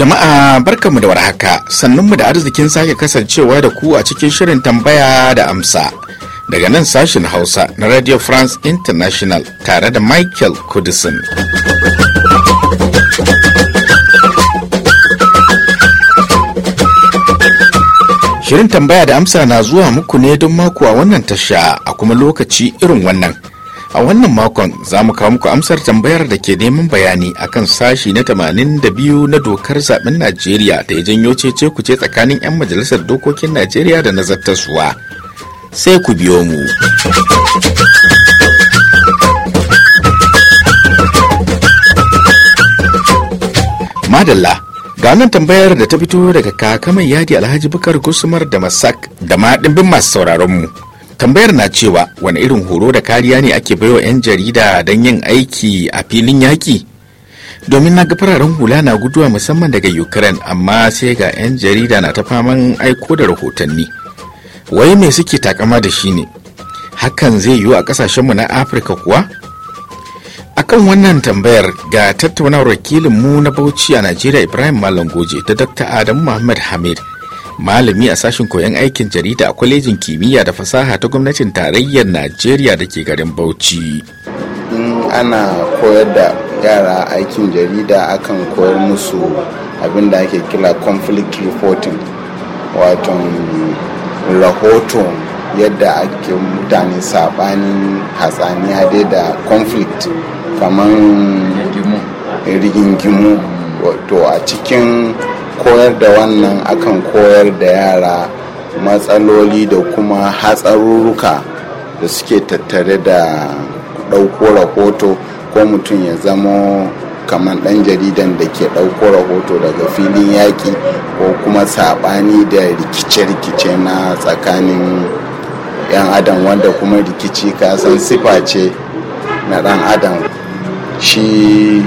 Jama'a barkanmu da warhaka sannunmu da arzikin sake kasancewa da ku a cikin shirin tambaya da amsa daga nan sashen Hausa na Radio France International tare da Michael Kudisin. Shirin tambaya da amsa na zuwa muku ne don mako a wannan tasha a kuma lokaci irin wannan. A wannan makon za mu kawo muku amsar tambayar da ke neman bayani akan sashi na 82 na dokar zaben Najeriya da ya janyo cece ce tsakanin 'yan majalisar dokokin Najeriya da na zartaswa. Sai ku biyo mu. madalla ga nan tambayar da ta fito daga kakamai yadi alhaji bukar gusumar da masak da ma dimbin masu sauraron mu tambayar na cewa wani irin horo da kariya ne ake baiwa 'yan jarida don yin aiki a filin yaki? domin na ga fararen hula na guduwa musamman daga ukraine amma sai ga 'yan jarida na ta faman aiko da rahotanni wai me suke takama da shi ne hakan zai yiwu a kasashenmu na afirka kuwa kan wannan tambayar ga tattaunawar wakilin mu na bauchi a najeriya ibrahim malam goje da dr adamu muhammad hamid malami a sashen koyon aikin jarida a kwalejin kimiyya da fasaha ta gwamnatin tarayyar najeriya da ke garin bauchi in ana koyar da yara aikin jarida akan koyar musu abin da ake kira conflict reporting wato rahoton yadda ake mutane saɓanin hatsaniya dai da conflict kamar eh, rigingimu to a cikin koyar da wannan akan koyar da yara matsaloli da kuma hatsarurruka da suke tattare da ɗauko rahoto ko mutum ya zamo kamar ɗan jaridan da ke ɗauko rahoto daga filin yaƙi ko kuma saɓani da rikice-rikice na tsakanin 'yan adam wanda kuma rikici kasan sifa ce na ɗan adam shi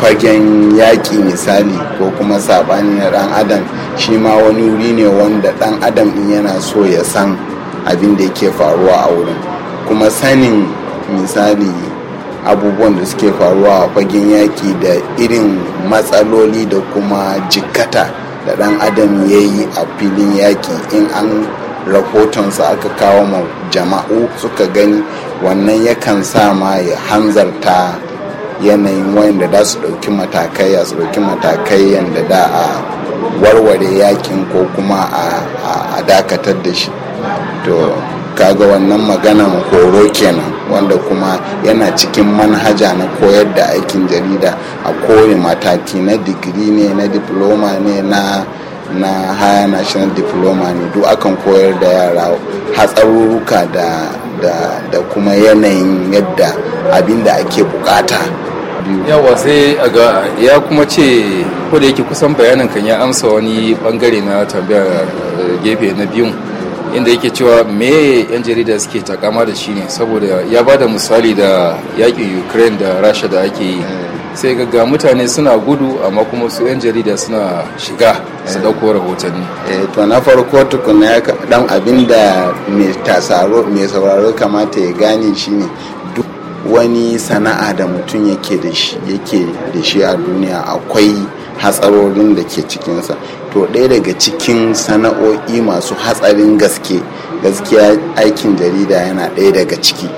fagen yaƙi misali ko kuma saɓani na ɗan adam shi ma wani wuri ne wanda ɗan adam in yana so ya san abin da yake faruwa a wurin kuma sanin misali abubuwan da suke faruwa a fagen yaƙi da irin matsaloli da kuma jikkata da ɗan adam ya yi a filin yaƙi in an rahoton rahotonsa aka kawo ma jama'u suka gani wannan yakan sa ma ya hanzarta yanayin wayanda da su ɗauki matakai a su ɗauki matakai yadda da a warware yakin ko kuma a dakatar da shi to kaga wannan maganan horo kenan wanda kuma yana cikin manhaja na koyar da aikin jarida a kowane mataki na digiri ne na diploma ne na na higher national diploma ne duk akan koyar da yara hatsarurruka da da kuma yanayin yadda abin da ake bukata yawa sai a ga ya kuma ce ko da yake kusan bayanin kan ya amsa wani bangare na tambayar eh, gefe na biyun inda yake cewa me yan jarida suke takama da shi ne saboda ya bada misali da yakin ukraine da rasha da ake yi sai ga mutane suna gudu amma kuma su 'yan jarida suna shiga su dauko rahotanni eh, to na farko tukuna ya dan abin da mai sauraro kamata ya gane shine duk wani sana'a da mutum yake da shi yake da shi a duniya akwai hatsarorin da ke cikinsa to ɗaya daga cikin sana'o'i masu hatsarin gaske gaskiya aikin jarida yana ɗaya daga ciki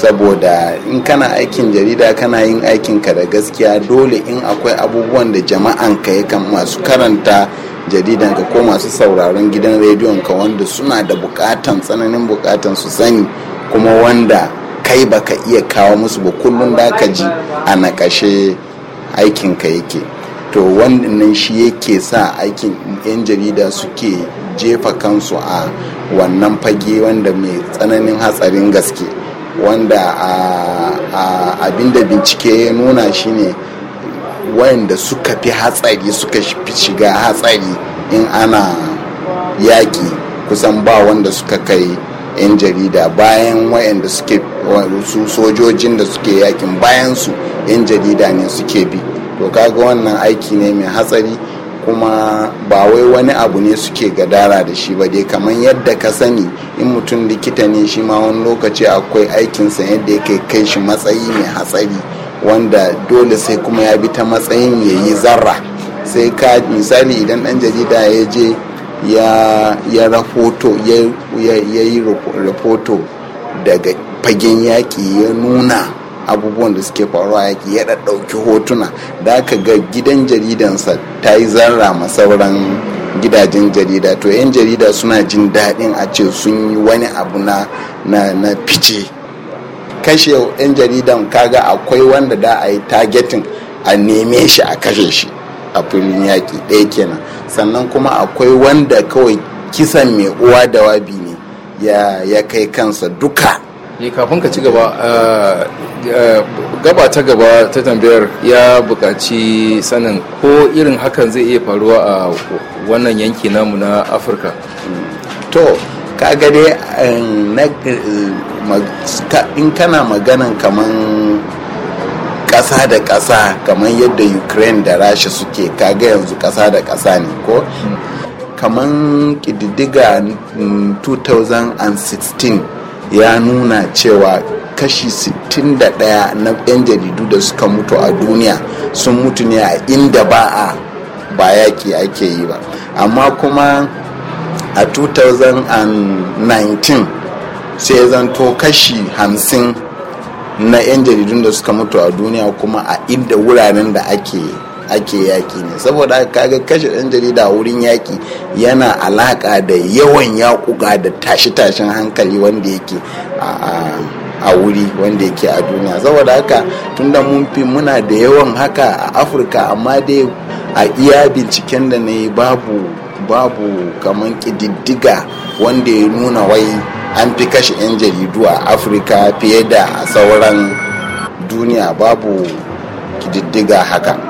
saboda in kana aikin jarida kana yin aikin ka da gaskiya dole in akwai abubuwan da jama'an ka ya kan masu karanta jaridanka ko masu sauraron gidan rediyonka wanda suna da bukatan tsananin bukatan su sani kuma wanda kai baka iya kawo musu ba kullum da ka ji a nakashe aikin ka yake to wannan shi yake sa aikin 'yan jarida suke jefa kansu a wannan fage wanda mai tsananin hatsarin gaske wanda da bincike ya nuna shine wayanda suka fi hatsari suka fi shiga hatsari in ana yaƙi kusan ba wanda suka kai 'yan jarida bayan wayanda suke su sojojin da suke yakin bayan su 'yan jarida ne suke bi to kaga wannan aiki ne mai hatsari kuma ba wai wani abu ne suke gadara da shi ba dai kamar yadda ka sani in mutum likita ne shi ma wani lokaci akwai aikinsa yadda ya kai shi matsayi mai hatsari wanda dole sai kuma ya bi ta matsayin ya yi zarra sai ka misali idan ɗan jarida ya je ya rahoto ya yi rahoto daga fagen yaƙi ya nuna abubuwan da suke faruwa yaki ya ɗauki hotuna da aka ga gidan jaridansa ta yi zarra ma sauran gidajen jarida to 'yan jarida suna jin daɗin a ce sun yi wani abu na na fice kashe 'yan jaridan kaga akwai wanda da a yi targeting a neme shi a kashe shi a filin yaƙi ɗaya kenan sannan kuma akwai wanda kawai kisan mai uwa da wabi ne ya kai kansa duka ne kafin ka ci gaba eh, eh, gaba ta gaba ta tambayar ya buƙaci sanin ko irin hakan zai iya faruwa a wannan yanki namu na afirka to kaga gade eh, in kana maganan kaman ƙasa da ƙasa kamar yadda ukraine da rasha suke kaga yanzu ƙasa da ƙasa ne ko hmm. kamar ƙididdiga 2016 mm, ya nuna cewa kashi 61 na 'yan jaridu da suka mutu a duniya sun mutu ne a inda ba a ba yaƙi ake yi ba amma kuma a 2019 sai zanto kashi 50 na 'yan jaridun da suka mutu a duniya kuma a inda wuraren da ake ake yaki ne saboda kaga kashe ɗan jarida wurin yaƙi yana alaƙa da yawan yaƙuga da tashi-tashin hankali wanda yake a wuri wanda yake a duniya saboda haka tunda mun fi muna da yawan haka a afirka amma dai a iya binciken da na yi babu babu kamar ƙididdiga wanda ya nuna wai an fi kashe 'yan jaridu a afirka fiye da sauran duniya babu ƙididdiga haka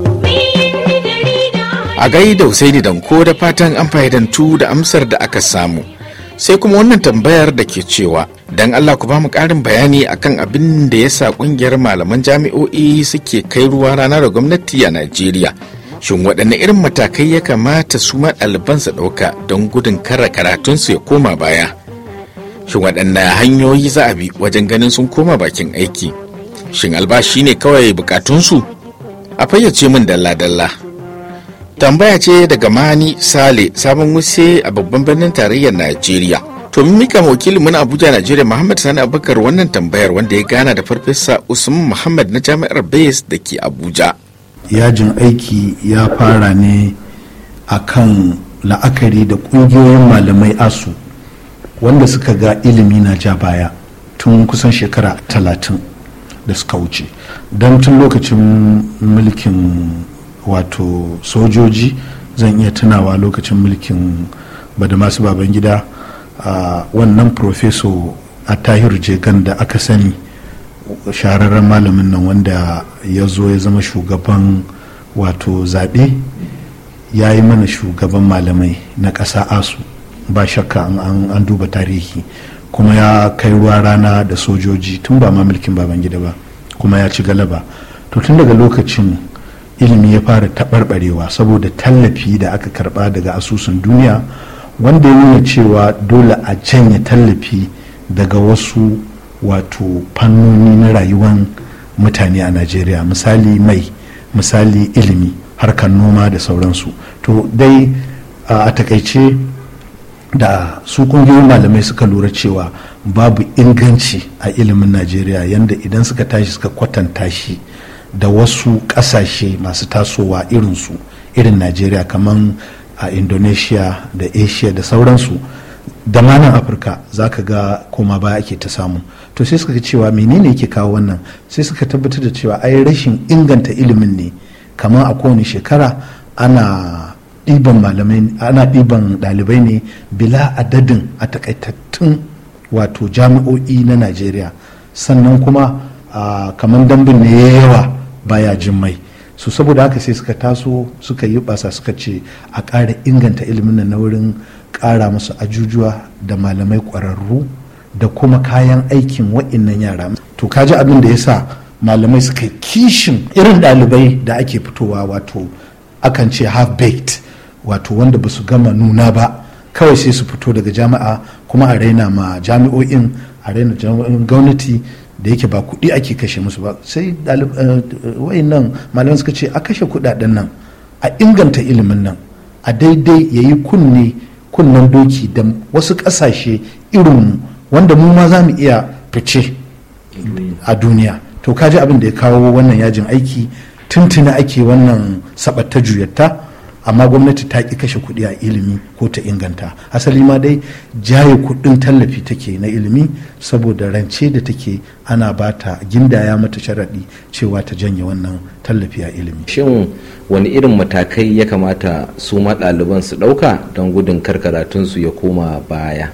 a gaida Usaini Danko da fatan an tu da amsar da aka samu. Sai kuma wannan tambayar da ke cewa, don Allah ku ba mu ƙarin bayani akan abin da ya sa ƙungiyar malaman jami'o'i suke kai ruwa rana da gwamnati a Najeriya. Shin waɗanne irin matakai ya kamata su ma ɗaliban su ɗauka don gudun kara karatunsu ya koma baya? Shin waɗanne hanyoyi za a bi wajen ganin sun koma bakin aiki? Shin albashi ne kawai bukatunsu? A fayyace min dalla-dalla. tambaya ce daga mani sale sabon wuse a babban birnin tarayyar najeriya to mika wakilin muna abuja najeriya muhammad sani abubakar wannan tambayar wanda ya gana da farfesa usman muhammad na jami'ar bayes da ke abuja yajin aiki ya fara ne a kan la'akari da ƙungiyoyin malamai asu wanda suka ga ilimi na ja baya tun kusan shekara talatin da suka wuce don tun lokacin mulkin wato sojoji zan iya tunawa lokacin mulkin badamasu babangida a wannan profeso a tahiru jegan da aka sani shahararren malamin nan wanda ya zo ya zama shugaban wato zaɓe ya yi mana shugaban malamai na ƙasa asu ba shakka an duba tarihi kuma ya kai ruwa rana da sojoji tun ba ma mulkin gida ba kuma ya ci galaba to tun daga lokacin ilimi ya fara taɓarɓarewa saboda tallafi da aka karɓa daga asusun duniya wanda ya nuna cewa dole a canya tallafi daga wasu wato fannoni na rayuwan mutane a najeriya misali mai misali ilimi harkar noma da sauransu to dai a takaice da su kungiyoyin malamai suka lura cewa babu inganci a ilimin najeriya yadda idan suka tashi suka kwatanta shi da wasu ƙasashe masu tasowa irinsu irin najeriya kamar a indonesia da asia da sauransu da manan afirka za ka ga koma baya ake ta samu to sai suka cewa menene yake kawo wannan sai suka tabbatar da cewa ai rashin inganta ilimin ne kamar a kowane shekara ana ɗiban malamai ana ɗiban ɗalibai ne bila adadin a takaitattun wato jami'o'i na najeriya sannan kuma kamar dambin ne ya yawa baya jin mai su saboda haka sai suka taso suka yi basa suka ce a ƙara inganta ilimin na wurin ƙara musu ajujuwa da malamai ƙwararru da kuma kayan aikin wa'innan yara to ka ji abin da ya sa malamai suka kishin irin ɗalibai da ake fitowa wato akan ce half baked wato wanda ba su gama nuna ba kawai sai su fito daga jami'a kuma a raina ma jami'o'in a raina jami'o'in gwamnati da yake ba kuɗi ake kashe musu ba sai eh, wayan malaman suka ce a kashe kuɗaɗen nan a inganta ilimin nan a daidai ya yi kunne kunnen doki da wasu ƙasashe irinmu wanda mu ma za mu iya fice a duniya to kaji abin da ya kawo wannan yajin aiki tuntuna ake wannan saɓatta juyatta amma gwamnati ta ƙi kashe kuɗi a ilimi ko ta inganta asali ma dai jaye kuɗin tallafi take na ilimi saboda rance da take ana ba ta gindaya mata sharaɗi cewa ta janye wannan tallafi a ilimi shin wani irin matakai ya kamata su ma ɗaliban su ɗauka don gudun karkaratunsu ya koma baya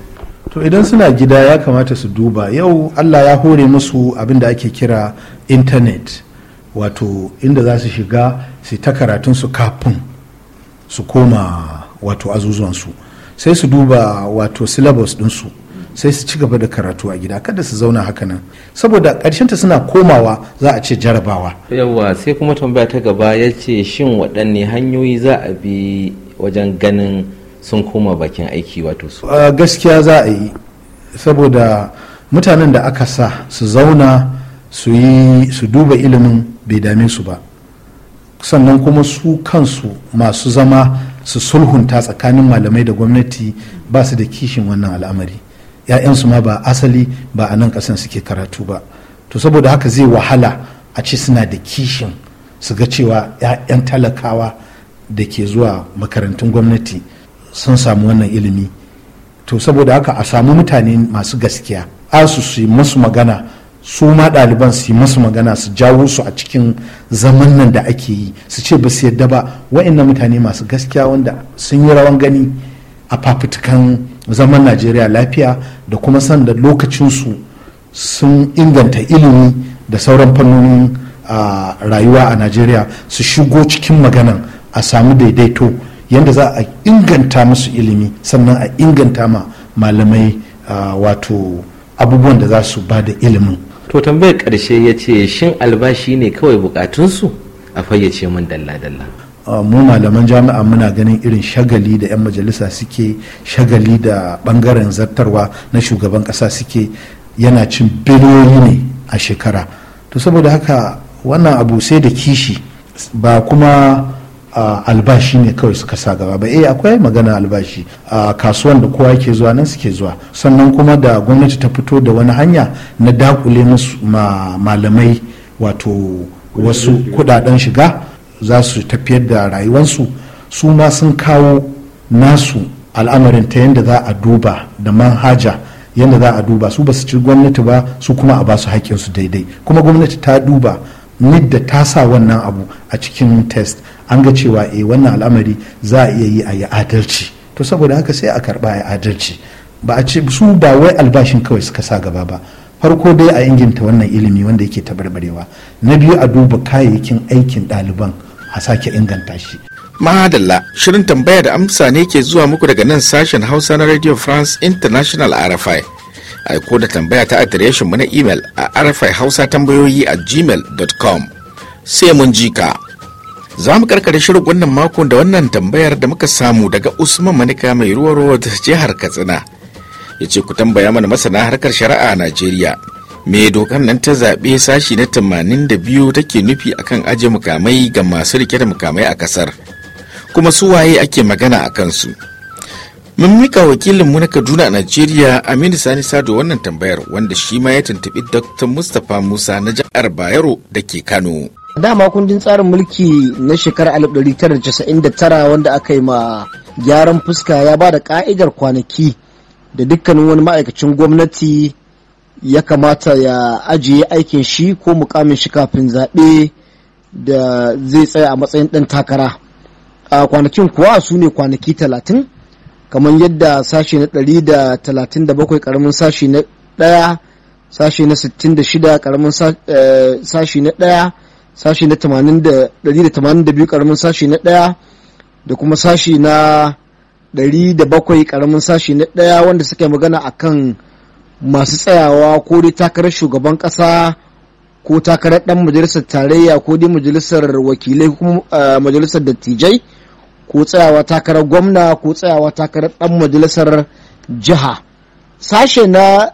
to idan suna gida ya kamata su duba yau allah ya hore musu abin da ake kira intanet wato inda za su shiga su ta karatunsu kafin su koma wato azuzuwansu sai su duba wato syllabus su sai su ci gaba da karatu a gida kada su zauna haka nan saboda ta suna komawa za a ce jarabawa yawa sai kuma tambaya ta gaba ya ce shin waɗanne hanyoyi za a bi wajen ganin sun koma bakin aiki wato su gaskiya za a yi saboda mutanen da aka sa su zauna su yi su duba ilimin bai dame su ba sannan kuma su kansu masu zama su sulhunta tsakanin malamai da gwamnati ba su da kishin wannan al'amari ‘ya'yansu ma ba asali ba a nan ƙasan suke karatu ba to saboda haka zai wahala a ce suna da kishin su ga cewa ‘ya'yan talakawa da ke zuwa makarantun gwamnati sun samu wannan ilimi to saboda haka a samu mutane masu gaskiya asu su masu magana su ma ɗaliban su yi masu magana su jawo su a cikin zaman nan da ake yi su ce ba su yadda ba wa'annan mutane masu gaskiya wanda sun yi rawan gani a fafutukan zaman najeriya lafiya da kuma san da lokacinsu sun inganta ilimi da sauran fannonin rayuwa a najeriya su shigo cikin maganan a samu daidaito yadda za a inganta musu ilimi sannan a inganta ma malamai wato abubuwan da za su ba da ilimin to tambayar ƙarshe ya ce shin albashi ne kawai bukatunsu a fayyace mun dalla-dalla mu malaman jami'a muna ganin irin shagali da 'yan majalisa suke shagali da bangaren zartarwa na shugaban ƙasa suke yana cin biliyoyi ne a shekara to saboda haka wannan abu sai da kishi ba kuma albashi ne kawai suka sa gaba ba eh akwai magana albashi a kasuwan da kowa ke zuwa nan suke zuwa sannan kuma da gwamnati ta fito da wani hanya na dakule musu malamai wato wasu kudaden shiga za su tafiyar da rayuwarsu su ma sun kawo nasu al'amarin ta yadda za a duba da manhaja yadda za a duba su ba su ci gwamnati ba su kuma a ba su haƙƙinsu daidai kuma gwamnati ta duba nidda ta sa wannan abu a cikin test an ga cewa eh wannan al'amari za a iya yi a yi adalci to saboda haka sai a karba a adalci ba a ce su ba wai albashin kawai suka sa gaba ba farko dai a inginta wannan ilimi wanda yake tabarbarewa na biyu a duba kayayyakin aikin ɗaliban a sake inganta shi Mahadalla shirin tambaya da amsa ne ke zuwa muku daga nan sashen Hausa na Radio France International RFI. aiko da tambaya ta adireshinmu na imel a arafai hausa tambayoyi a gmail.com sai mun ji ka za mu karkare shirin wannan makon da wannan tambayar da muka samu daga usman manika mai ruwa ruwa road jihar katsina ya ce ku tambaya mana masana harkar shari'a a najeriya me dokar nan ta zaɓe sashi na tamanin da biyu take nufi akan ajiye mukamai ga masu rike da mukamai a kasar kuma su waye ake magana a kansu Mun mika wakilin mu na Kaduna a Najeriya Aminu Sani Sado wannan tambayar wanda shi ma ya tuntuɓi Dr. Mustapha Musa na jihar Bayero da ke Kano. Dama kundin tsarin mulki na shekarar 1999 wanda aka yi ma gyaran fuska ya ba da ka'idar kwanaki da dukkanin wani ma'aikacin gwamnati ya kamata ya ajiye aikin shi ko mukamin shi kafin zaɓe da zai tsaya a matsayin ɗan takara. A kwanakin kuwa su ne kwanaki talatin. kamar yadda sashi na 137 karamin sashi na 1 sashi na 66 karamin eh, sashi na 1 sashi na 182 karamin sashi na 1 da kuma sashi na 107 karamin sashi na 1 wanda suke magana akan masu tsayawa ko dai takarar shugaban kasa ko takarar dan majalisar tarayya ko dai majalisar wakilai ko eh, majalisar dattijai ko tsayawa takarar gwamna ko tsayawa takarar ɗan majalisar jiha sashe na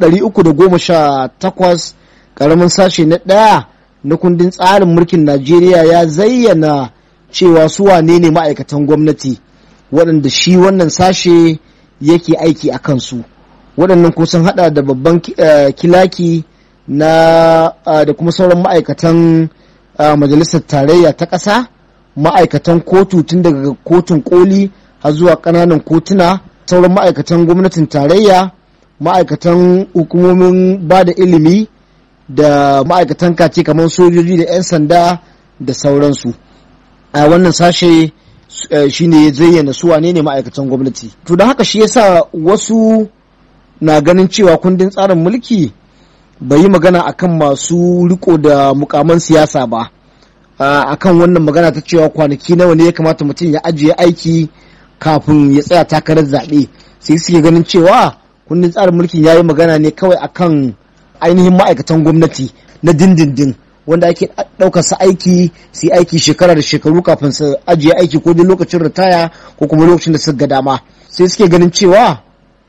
318 ƙaramin sashe na ɗaya na kundin tsarin mulkin najeriya ya zayyana cewa su wane ne ma'aikatan gwamnati waɗanda shi wannan sashe yake aiki a kansu waɗannan ko sun haɗa da babban eh, kilaki na ah, da kuma sauran ma'aikatan ah, majalisar tarayya ta ƙasa ma'aikatan kotu tun daga kotun koli har zuwa ƙananan kotuna sauran ma'aikatan gwamnatin tarayya ma'aikatan hukumomin ba da ilimi da ma'aikatan kace kamar sojoji da 'yan sanda da sauransu a wannan sashe eh, shi ne zayyana su wane ne ma'aikatan gwamnati to da haka shi yasa wasu na ganin cewa kundin tsarin mulki bai yi magana akan masu riko da mukaman siyasa ba akan wannan magana ta cewa kwanaki nawa ne ya kamata mutum ya ajiye aiki kafin ya tsaya takarar zaɓe sai suke ganin cewa kundin tsarin mulkin ya yi magana ne kawai akan ainihin ma'aikatan gwamnati na dindindin wanda ake ɗaukar su aiki su aiki shekara da shekaru kafin su ajiye aiki ko dai lokacin ritaya ko kuma lokacin da su ga dama sai suke ganin cewa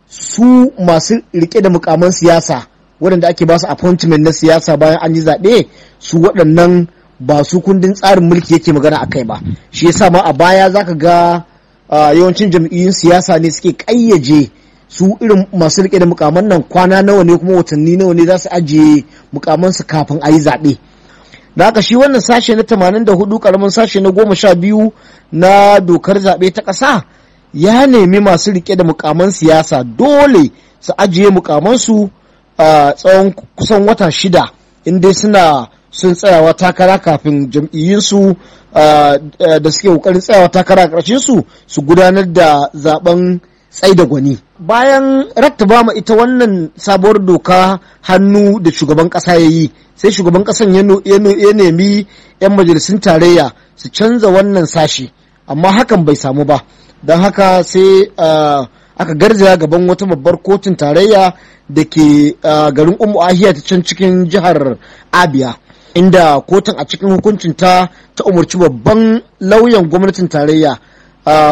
su masu rike da mukaman siyasa waɗanda ake ba su appointment na siyasa bayan an yi zaɓe su waɗannan ba su kundin tsarin mulki yake magana a kai ba shi yasa ma a baya zaka ga yawancin jam'iyyun siyasa ne suke ƙayyaje su irin masu rike da mukaman nan kwana nawa ne kuma watanni nawa ne za su ajiye su kafin a yi zaɓe da haka shi wannan sashe na 84 karamin sashe na biyu na dokar zaɓe ta ƙasa ya nemi masu rike da mukaman siyasa dole su ajiye mukamansu a tsawon kusan wata shida in dai suna sun tsayawa takara kafin jam'iyyinsu ah, ah, da suke kokarin tsayawa takara a su su gudanar da zaben tsai da gwani bayan rattaba ma ita wannan sabuwar doka hannu da shugaban ƙasa ya yi sai shugaban ƙasan ya nemi 'yan majalisun tarayya su canza wannan sashi amma hakan bai samu ba don haka sai ah, aka garza gaban wata babbar kotun tarayya da ke garin umu ahiya ta can cikin jihar abia inda kotun a cikin hukuncin ta ta umarci babban lauyan gwamnatin tarayya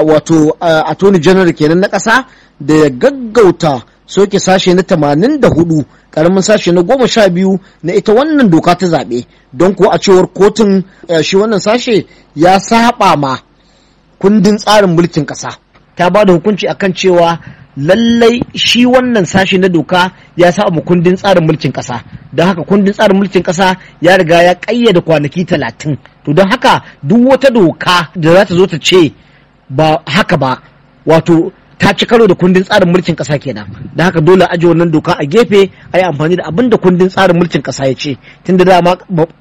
wato attorney general kenan na ƙasa da ya gaggauta soke sashe na 84 karamin sashe na 12 na ita wannan doka ta zaɓe don kuwa a cewar kotun shi wannan sashe ya saɓa ma kundin tsarin mulkin ƙasa ta ba da hukunci akan cewa lallai shi wannan sashi na doka ya saba kundin tsarin mulkin kasa don haka kundin tsarin mulkin kasa ya riga ya kayyada kwanaki talatin to don haka duk wata doka da za ta zo ta ce ba haka ba wato ta ci karo da kundin tsarin mulkin kasa kenan da haka dole ajiye wannan doka a gefe a yi amfani da abin da kundin tsarin mulkin kasa ya ce tun da dama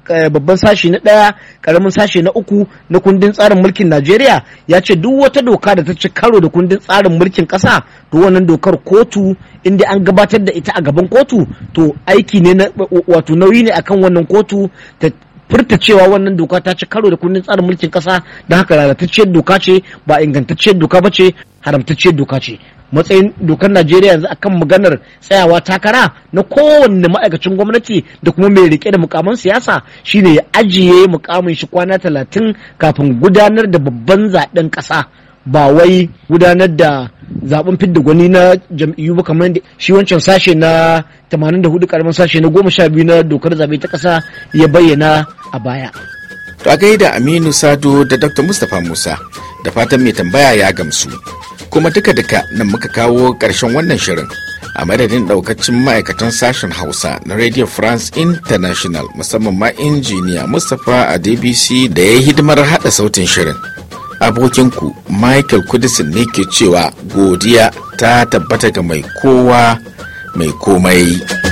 eh, babban sashi na daya karamin sashi na uku na kundin tsarin mulkin najeriya ya ce duk wata doka da ta ci karo da kundin tsarin mulkin kasa to wannan dokar kotu inda an gabatar da ita a gaban kotu to aiki ne na wato nauyi ne akan wannan kotu ta furta cewa wannan doka ta ci karo da kundin tsarin mulkin kasa da haka lalatacciyar doka ce ba ingantacciyar doka ba ce haramtacciyar doka ce matsayin dokar najeriya yanzu akan maganar tsayawa takara na kowanne ma'aikacin gwamnati da kuma mai rike da mukamin siyasa shine ya ajiye mukamin shi kwana talatin kafin gudanar da babban zaben ƙasa. ba wai gudanar da zaben fidda gwani na jam'iyyu ba kamar shi wancan sashe na 84 karamin sashe na 12 na dokar zaɓe ta ƙasa ya bayyana a baya. To a gaida Aminu Sado da Dr. Mustapha Musa da fatan mai tambaya ya gamsu. Kuma duka-duka nan muka kawo karshen wannan shirin. A madadin ɗaukacin ma'aikatan sashen Hausa na Radio France International musamman ma injiniya Mustapha a DBC da ya yi hidimar haɗa sautin shirin. abokin ku Michael Kudisin ne ke cewa godiya ta tabbata ga mai kowa mai komai.